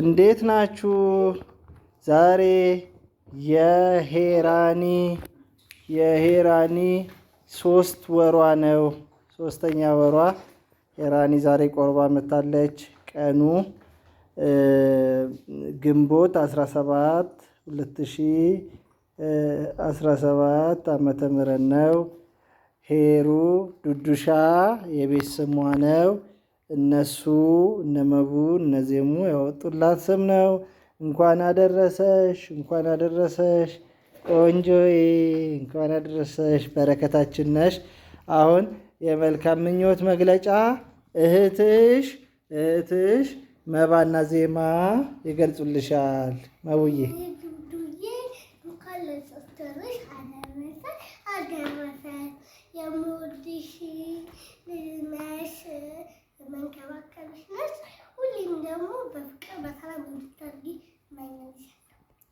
እንዴት ናችሁ? ዛሬ የሄራኒ የሄራኒ ሶስት ወሯ ነው። ሶስተኛ ወሯ ሄራኒ ዛሬ ቆርባ መታለች። ቀኑ ግንቦት 17 2017 ዓመተ ምህረት ነው። ሄሩ ዱዱሻ የቤት ስሟ ነው። እነሱ እነመቡ እነዜሙ ያወጡላት ስም ነው። እንኳን አደረሰሽ፣ እንኳን አደረሰሽ ቆንጆዬ፣ እንኳን አደረሰሽ በረከታችን ነሽ። አሁን የመልካም ምኞት መግለጫ እህትሽ እህትሽ መባና ዜማ ይገልጹልሻል መቡዬ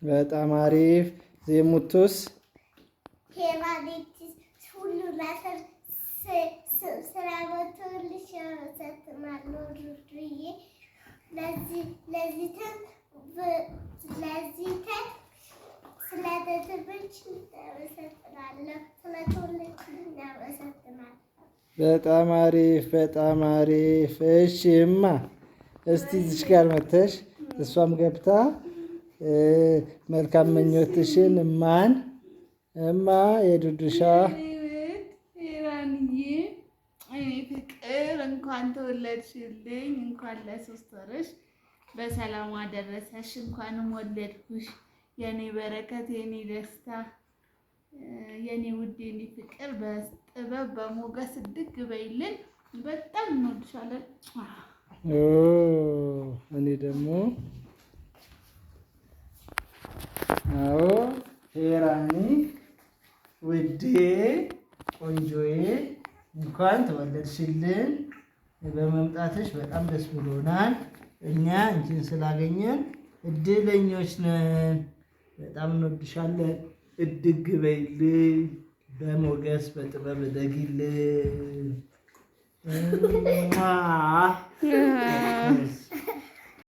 በጣም አሪፍ ዜሙቱስ ሄራዲቲስ ሁሉ በጣም አሪፍ በጣም አሪፍ። እሺ እማ እስቲ እዚህ ጋር መተሽ እሷም ገብታ መልካም ምኞትሽን እማን እማ የዱዱሻ ፍቅር እንኳን ተወለድሽልኝ፣ እንኳን ለሶስት ወርሽ በሰላም አደረሰሽ። እንኳንም ወለድኩሽ የኔ በረከት፣ የኔ ደስታ፣ የኔ ውድ፣ የኔ ፍቅር፣ በጥበብ በሞገስ ድግ በይልን። በጣም እንወድሻለን። እኔ ደግሞ ውዴ ቆንጆዬ እንኳን ተወለድሽልን። በመምጣትሽ በጣም ደስ ብሎናል። እኛ እንቺን ስላገኘን እድለኞች ነን። በጣም እንወድሻለን። እድግ በይልኝ፣ በሞገስ በጥበብ እደጊልን።